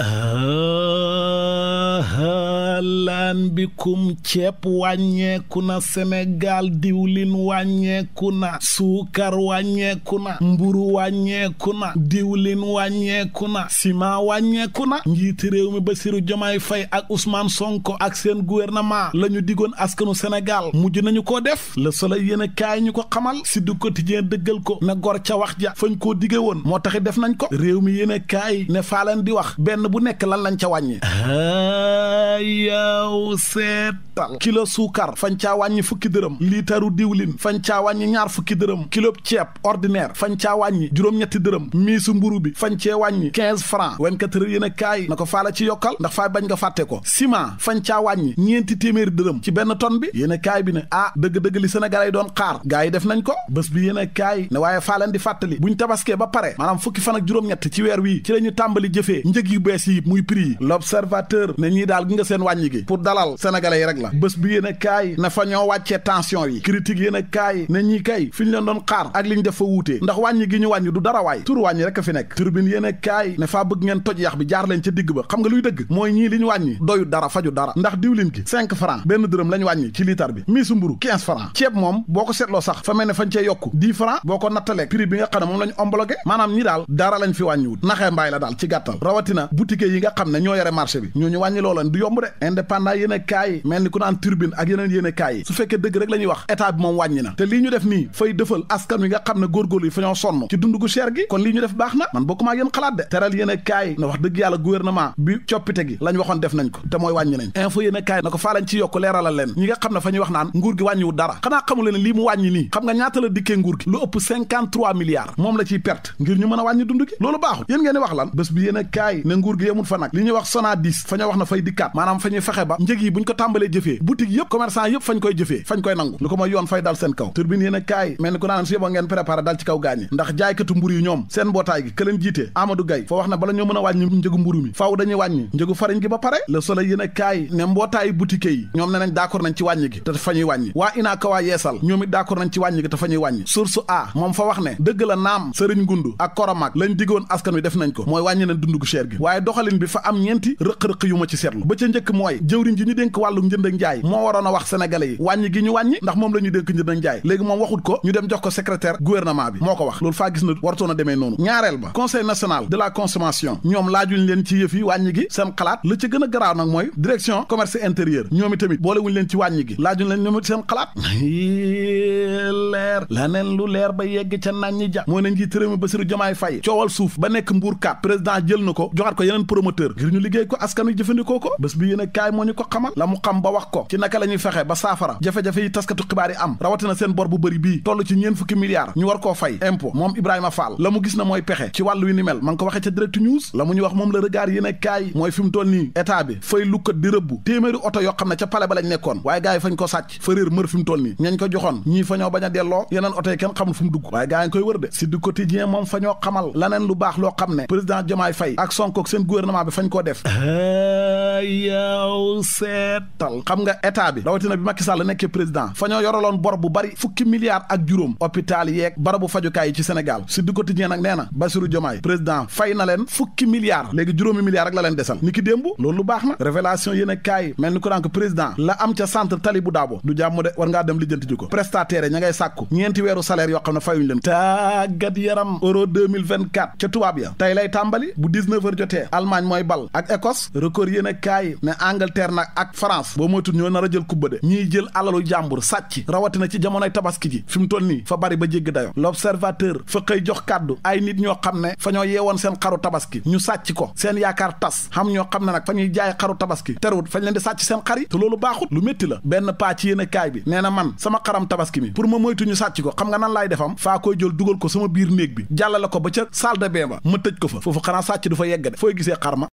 Uh. naan bikum ceeb wàññeeku na Sénégal diwlin wàññeeku na suukar wàññeeku na mburu wàññeeku na diwlin wàññeeku na ciment wàññeeku na njiiti réew mi Bassirou Diomaye fay ak usmaan Sonko ak seen gouvernement la ñu digoon askanu Sénégal mujj nañu ko def la Soleil yéen a kaay ñu ko xamal si du quotidien dëggal ko ne gor ca wax ja fañ koo dige woon moo taxi def nañ ko réew mi yéen a kaay ne faalan di wax benn bu nekk lan lañ ca wàññi yow seetal kilo suukar fañ caa wàññi fukki dërëm liitaru diwlin fañ caa wàññi ñaar fukki dërëm kilo ceeb ordinaire fañ caa wàññi juróom-ñetti dërëm miisu mburu bi fañ cee wàññi quinze francs vingt-quatre heures yéen a kaay na ko faala ci yokkal ndax faay bañ nga fàtte ko ciment fañ caa wàññi ñeenti téeméeri dërëm ci benn ton bi yéen kaay bi ne ah dëgg-dëgg li Sénégal ay doon xaar gaa yi def nañ ko bés bi yéen a kaay waaye faa leen di fàttali buñ tabaskee ba pare maanaam fukki fan ak juróom-ñett ci weer wii ci la ñu tàmbali jëfee njëg yu bees yi muy prix yi l'observateur ne ñii daal gi nga dalal sénégalais yi rek la bés bi yéen a kaay na fa ñoo wàccee tension yi critique yéen kaay ne ñii kay fi ñu leen doon xaar ak li ñu def fa wuutee ndax wàññi gi ñu wàññi du dara waay tur wàññi rek a fi nekk turbine yéen a kaay ne faa bëgg ngeen toj yax bi jaar leen ca digg ba xam nga luy dëgg mooy ñii li ñu wàññi doyu dara faju dara ndax diwlin gi cinq benn dërëm lañ wàññi ci liitar bi miisu mburu quinze ceeb moom boo ko seetloo sax fa mel fañ cee rawatina boutique nga xam ne ñoo yore marché bi ñooñu yéen a mel ni ku naan turbine ak yeneen yéen yi su fekkee dëgg rek la ñuy wax état bi moom wàññi na te lii ñu def nii fay dëfal askan wi nga xam ne góorgóorlu yi fa ñoo ci dund gu gi kon lii ñu def baax na man bokkuma ak yéen xalaat de teral yéen a kaay na wax dëgg yàlla gouvernement bi coppite gi lañ waxoon def nañ ko te mooy wàññi nañ info yéen a kaay na ko faa ci yokk leeralal leen ñi nga xam ne fa wax naan nguur gi wàññiwu dara xanaa xamu leen lii mu wàññi a wàññi a njëg yi buñ ko tàmbalee jëfee boutique yëpp commerçant yëpp fañ koy jëfee fañ koy nangu lu ko mooy yoon fay dal seen kaw turbine yéen kaay mel ni ku naan su yeboo ngeen dal ci kaw gaañi ndax jaaykatu mburu yi ñoom seen mbootaay gi këleen jiite Amadou Gaye fa wax ne bala ñoo mën a wàññi njëgu mburu mi faaw dañuy wàññi njëgu fariñ gi ba pare le soleil yéen a kaay ne mbootaayi boutique yi ñoom ne nañ d'accord nañ ci wàññi gi te fa wàññi waa inaakawaa yeesal ko mooy wàññi nañ dund gu cher gi mooy jëwri jëwriñ ji ñu dénk wàllu njënd ak moo waroon a wax sénégalais yi wàññi gi ñu wàññi ndax moom la dénk njënd ak léegi moom waxut ko ñu dem jox ko secrétaire gouvernement bi moo ko wax loolu faa gis na wartoon a demee noonu ñaareel ba conseil national de la consommation ñoom laajuñ leen ci yëf wàññi gi seen xalaat la ca gën garaaw nag mooy direction commerce intérieur ñoom tamit boolewuñ leen ci wàññi gi laajuñ leen ñoom seen xalaat leer la neen leer ba yegg ca naan ñi ja moo ne njiit réew mi jël na ko joxaat ko yeneen promoteur ko askan wi jëfandikoo ko bés bi a la mu xam ba wax ko naka la ñuy fexe ba saafara jafe-jafe gis na mooy pexe ci wàllu wi ni mel ma ngi ko waxee ca direct news la mu ñu wax moom la regard yéen a kaay mooy fi mu toll nii état bi fay lukkat di rëbb téeméeri oto yoo xam ne ca pale ba lañ nekkoon waaye gars yi fañ ko sàcc fa réer mër fi toll nii ñañ ko joxoon ñii fa ñoo bañ a delloo yeneen oto yi kenn xamul fu mu dugg waaye gaa ngi koy wër de si du quotidien moom fa ñoo xamal laneen lu baax loo xam ne président Diomaye Faye ak Sonko seen gouvernement bi fañ koo def yow seetal xam nga état bi rawatina bi Macky la nekkee président fa ñoo yoraloon bor bu bari fukki milliards ak juróom hôpital yeeg barabu fajukaay yi ci Sénégal si du quotidien nag nee na Bassirou Diomaye président fay na leen fukki milliards léegi juróomi milliards rek la leen desal ni ki démb lu baax na révélation yéen a kaay mel ni ko président la am ca centre Talibou Dabo du jàmm de war ngaa dem lijjanti ji ko prestataire ña ngay sàkku ñeenti weeru salaire yoo xam ne fayuñu leen tàggat yaram euro 2024 ca tubaab ya tey lay tàmbali bu 19 heures jotee Allemagne mooy bal ak Écosse record yéen a kaay ne Angleterre nag ak France boo moytul ñoo nar a jël kubba de ñiy jël alalu jàmbur sàcc rawatina ci jamonoy tabaski ji fi mu toll nii fa bari ba jégg dayo l'observateur fa xëy jox kàddu ay nit ñoo xam ne fa ñoo yeewoon seen xaru tabaski ñu sàcc ko seen yaakaar tas xam ñoo xam ne nag fa ñuy jaay xaru tabaski terewut fañ leen di sàcc seen xar yi te loolu baaxut lu métti la benn paa ci yéen bi nee na man sama xaram tabaski mi pour ma moytu ñu sàcc ko xam nga nan laay defam faa jël dugal ko sama biir néeg bi ko ba ca salle de bain ma tëj ko fa foofu xanaa sàcc du fa yegg de fooy gisee xar ma